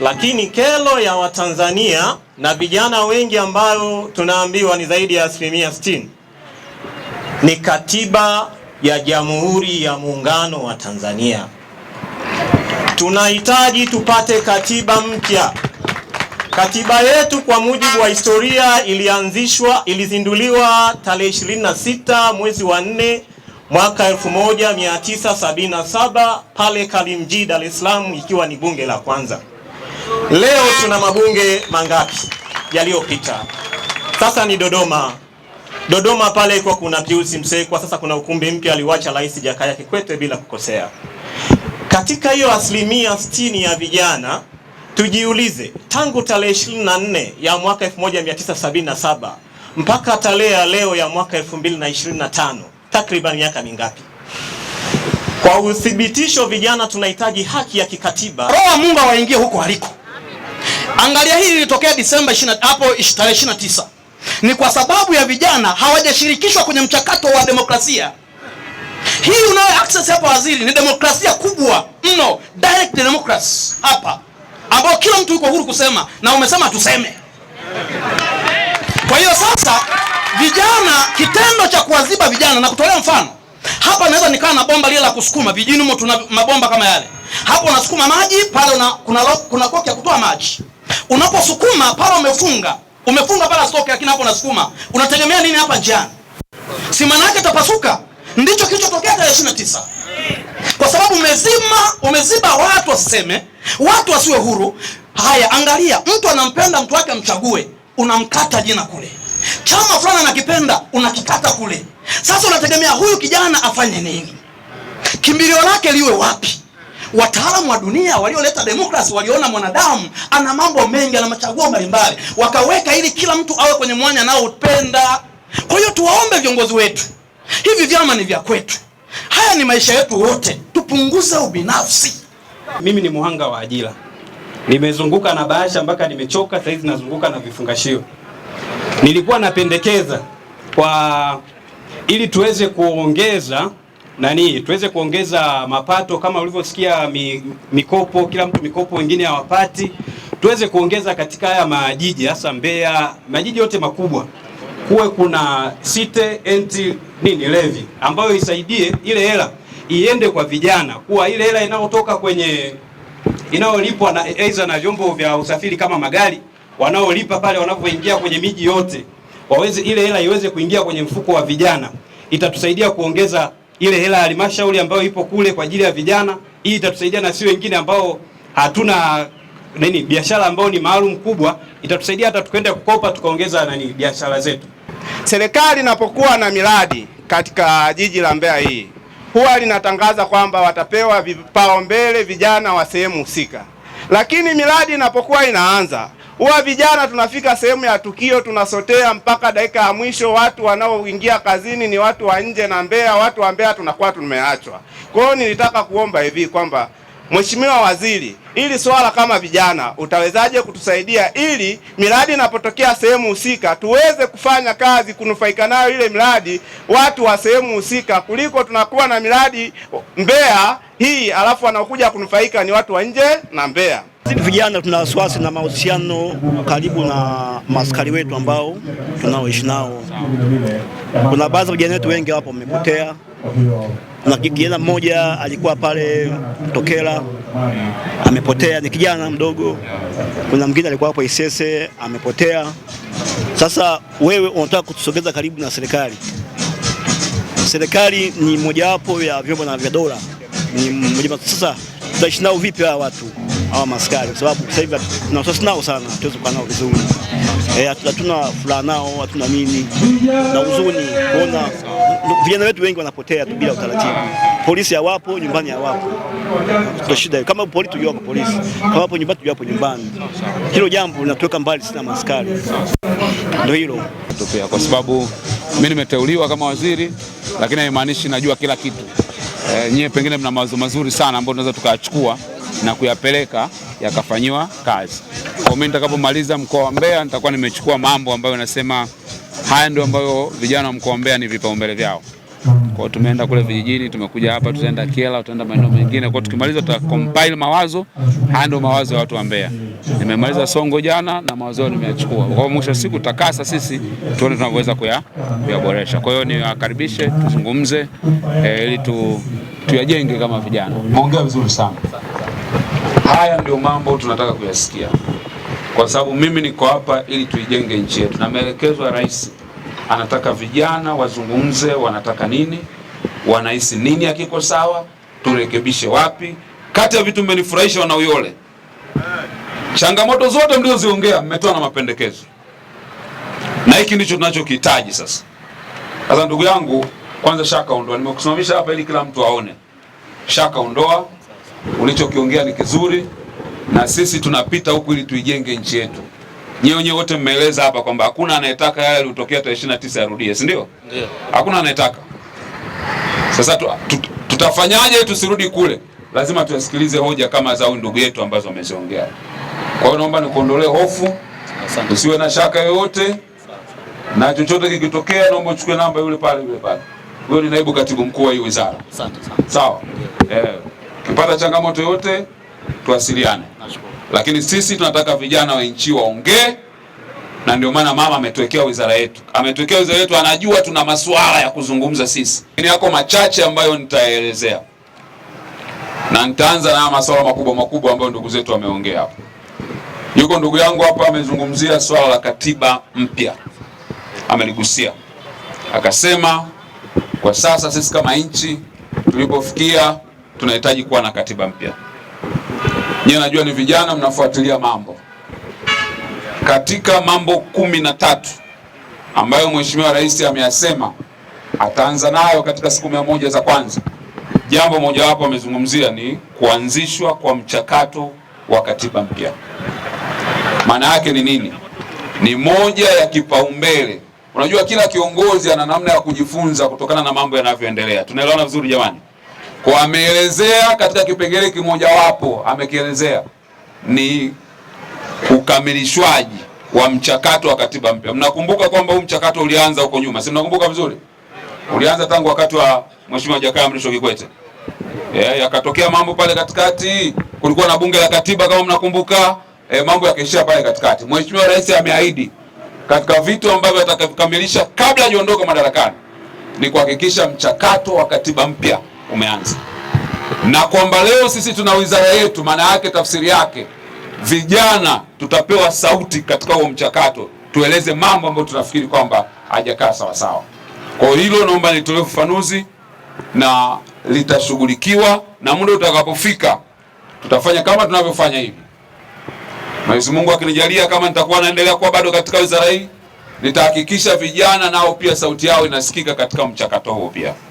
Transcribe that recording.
Lakini kelo ya Watanzania na vijana wengi ambayo tunaambiwa ni zaidi ya asilimia 60 ni katiba ya Jamhuri ya Muungano wa Tanzania. Tunahitaji tupate katiba mpya. Katiba yetu kwa mujibu wa historia ilianzishwa, ilizinduliwa tarehe 26 mwezi wa 4 mwaka 1977 pale Kalimji, Dar es Salaam, ikiwa ni bunge la kwanza. Leo tuna mabunge mangapi yaliyopita? Sasa ni Dodoma. Dodoma pale kwa kuna Pius Msekwa, sasa kuna ukumbi mpya aliwacha Rais Jakaya Kikwete bila kukosea. Katika hiyo asilimia 60 ya vijana tujiulize, tangu tarehe 24 ya mwaka 1977 mpaka tarehe ya leo ya mwaka 2025 takriban miaka mingapi? Kwa uthibitisho, vijana tunahitaji haki ya kikatiba. Roho Mungu awaingie huko aliko. Angalia hii ilitokea Disemba hapo tarehe 29. Ni kwa sababu ya vijana hawajashirikishwa kwenye mchakato wa demokrasia. Hii unayo access hapa waziri, ni demokrasia kubwa mno, direct democracy hapa, ambao kila mtu yuko huru kusema na umesema tuseme. Kwa hiyo sasa, vijana, kitendo cha kuwaziba vijana na kutolea mfano hapa, naweza nikaa na bomba lile la kusukuma vijijini, humo tuna mabomba kama yale hapo, unasukuma maji pale, una, kuna kuna koki ya kutoa maji Unaposukuma pale umefunga, umefunga pale stoke, lakini hapo unasukuma, unategemea nini hapa njiani? Si maana yake tapasuka? Ndicho kilichotokea tarehe 29 kwa sababu umezima, umeziba watu wasiseme, watu wasiwe huru. Haya, angalia, mtu anampenda mtu wake, amchague, unamkata jina kule. Chama fulani anakipenda, unakikata kule. Sasa unategemea huyu kijana afanye nini? Kimbilio lake liwe wapi? Wataalamu wa dunia walioleta demokrasi waliona mwanadamu ana mambo mengi, ana machaguo mbalimbali, wakaweka ili kila mtu awe kwenye mwanya anaoupenda. Kwa hiyo tuwaombe viongozi wetu, hivi vyama ni vya kwetu, haya ni maisha yetu wote, tupunguze ubinafsi. Mimi ni muhanga wa ajira, nimezunguka na bahasha mpaka nimechoka. Saizi nazunguka na vifungashio. Nilikuwa napendekeza kwa ili tuweze kuongeza nani tuweze kuongeza mapato kama ulivyosikia mi, mikopo kila mtu mikopo, wengine hawapati, tuweze kuongeza katika haya majiji, hasa Mbeya, majiji yote makubwa, kuwe kuna site enti nini levi ambayo isaidie ile hela iende kwa vijana, kuwa ile hela inayotoka kwenye inayolipwa na aidha na vyombo vya usafiri kama magari wanaolipa pale wanapoingia kwenye miji yote, waweze ile hela iweze kuingia kwenye mfuko wa vijana, itatusaidia kuongeza ile hela ya halmashauri ambayo ipo kule kwa ajili ya vijana. Hii itatusaidia na si wengine ambao hatuna nini biashara ambayo ni maalum kubwa, itatusaidia hata tukaenda kukopa tukaongeza nani biashara zetu. Serikali inapokuwa na miradi katika jiji la Mbeya hii huwa linatangaza kwamba watapewa vipaumbele vijana wa sehemu husika, lakini miradi inapokuwa inaanza Huwa vijana tunafika sehemu ya tukio tunasotea mpaka dakika ya mwisho. Watu wanaoingia kazini ni watu wa nje na Mbeya, watu wa Mbeya tunakuwa tumeachwa. Kwa hiyo nilitaka kuomba hivi kwamba Mheshimiwa Waziri, ili swala kama vijana utawezaje kutusaidia ili miradi inapotokea sehemu husika tuweze kufanya kazi kunufaika nayo ile miradi watu wa sehemu husika, kuliko tunakuwa na miradi Mbeya hii alafu wanaokuja kunufaika ni watu wa nje na Mbeya. Vijana tuna wasiwasi na mahusiano karibu na maskari wetu ambao tunaoishi nao. Kuna baadhi ya vijana wetu wengi wapo wamepotea, na kijana mmoja alikuwa pale Tokela amepotea, ni kijana mdogo. Kuna mwingine alikuwa hapo Isese amepotea. Sasa wewe unataka kutusogeza karibu na serikali. Serikali ni mojawapo ya vyombo na vya dola, ni mmoja. Sasa tutaishi nao vipi hawa watu? hawa maskari, kwa sababu sasa hivi tuna wasiwasi nao sana, hatuwezi kukaa nao vizuri, eh, hatuna furaha nao, hatuna nini na huzuni kuona vijana wetu wengi wanapotea tu bila utaratibu. Polisi hawapo, nyumbani hawapo, kwa shida. Kama polisi tujua kwa polisi, kama hapo nyumbani tujua hapo nyumbani. Hilo jambo linatuweka mbali sana maskari, ndio hilo tupia, kwa sababu mimi nimeteuliwa kama waziri, lakini haimaanishi najua kila kitu. E, nyie pengine mna mawazo mazuri sana ambayo tunaweza tukayachukua na kuyapeleka yakafanyiwa kazi. Kwa mimi nitakapomaliza mkoa wa Mbeya nitakuwa nimechukua mambo ambayo nasema haya ndio ambayo vijana wa mkoa wa Mbeya ni vipaumbele vyao. Kwa tumeenda kule vijijini, tumekuja hapa, tutaenda Kiela, tutaenda maeneo mengine. Kwa tukimaliza compile mawazo, haya ndio mawazo ya watu wa Mbeya. Nimemaliza Songo jana na mawazo yao nimeyachukua. Kwa mwisho siku tutakasa sisi tuone tunavyoweza kuyaboresha. Kwa hiyo niwakaribishe tuzungumze, eh, ili tu tuyajenge kama vijana. Muongea vizuri sana. Haya ndio mambo tunataka kuyasikia, kwa sababu mimi niko hapa ili tuijenge nchi yetu, na maelekezo ya rais anataka vijana wazungumze, wanataka nini, wanahisi nini, akiko sawa, turekebishe wapi. Kati ya vitu mmenifurahisha, wana Uyole, changamoto zote mlioziongea mmetoa na mapendekezo, na hiki ndicho tunachokihitaji sasa. Sasa ndugu yangu, kwanza shaka ondoa, nimekusimamisha hapa ili kila mtu aone. Shaka ondoa ulichokiongea ni kizuri, na sisi tunapita huku ili tuijenge nchi yetu. Nyewe wenyewe wote mmeeleza hapa kwamba hakuna anayetaka yale yaliyotokea tarehe 29 yarudie, si ndio? Ndio, hakuna anayetaka. Sasa tu, tu, tutafanyaje tusirudi kule? Lazima tuyasikilize hoja kama za ndugu yetu ambazo wameziongea. Kwa hiyo naomba nikuondolee hofu, usiwe na shaka yoyote, na chochote kikitokea, naomba uchukue namba yule pale yule pale, huyo ni naibu katibu mkuu wa hii wizara. Asante sana. Sawa, eh. Tukipata changamoto yote tuwasiliane, lakini sisi tunataka vijana wa nchi waongee, na ndio maana mama ametuwekea wizara yetu, ametuwekea wizara yetu, anajua tuna masuala ya kuzungumza sisi. Ni yako machache ambayo nitaelezea na nitaanza na masuala makubwa makubwa ambayo ndugu zetu wameongea hapo. Yuko ndugu yangu hapa amezungumzia swala la katiba mpya, ameligusia akasema, kwa sasa sisi kama nchi tulipofikia tunahitaji kuwa na katiba mpya. Nyie najua ni vijana mnafuatilia mambo. Katika mambo kumi na tatu ambayo Mheshimiwa Rais ameyasema ataanza nayo katika siku mia moja za kwanza, jambo mojawapo amezungumzia ni kuanzishwa kwa mchakato wa katiba mpya. Maana yake ni nini? Ni moja ya kipaumbele. Unajua, kila kiongozi ana namna ya kujifunza kutokana na mambo yanavyoendelea. Tunaelewana vizuri jamani? wameelezea katika kipengele kimojawapo, amekielezea ni ukamilishwaji wa mchakato wa katiba mpya. Mnakumbuka kwamba huu mchakato ulianza huko nyuma, si mnakumbuka vizuri? Ulianza tangu wakati wa Mheshimiwa Jakaya Mrisho Kikwete. Eh, yakatokea mambo pale katikati, kulikuwa na bunge la katiba kama mnakumbuka. E, mambo yakaishia pale katikati. Mheshimiwa Rais ameahidi katika vitu ambavyo atakavikamilisha kabla hajaondoka madarakani ni kuhakikisha mchakato wa katiba mpya umeanza, na kwamba leo sisi tuna wizara yetu, maana yake tafsiri yake vijana tutapewa sauti katika huo mchakato, tueleze mambo ambayo tunafikiri kwamba hajakaa sawasawa. Kwa hilo naomba nitolee ufafanuzi na litashughulikiwa, na muda utakapofika tutafanya kama tunavyofanya hivi. Mwenyezi Mungu akinijalia, kama nitakuwa naendelea kuwa bado katika wizara hii, nitahakikisha vijana nao pia sauti yao inasikika katika mchakato huo pia.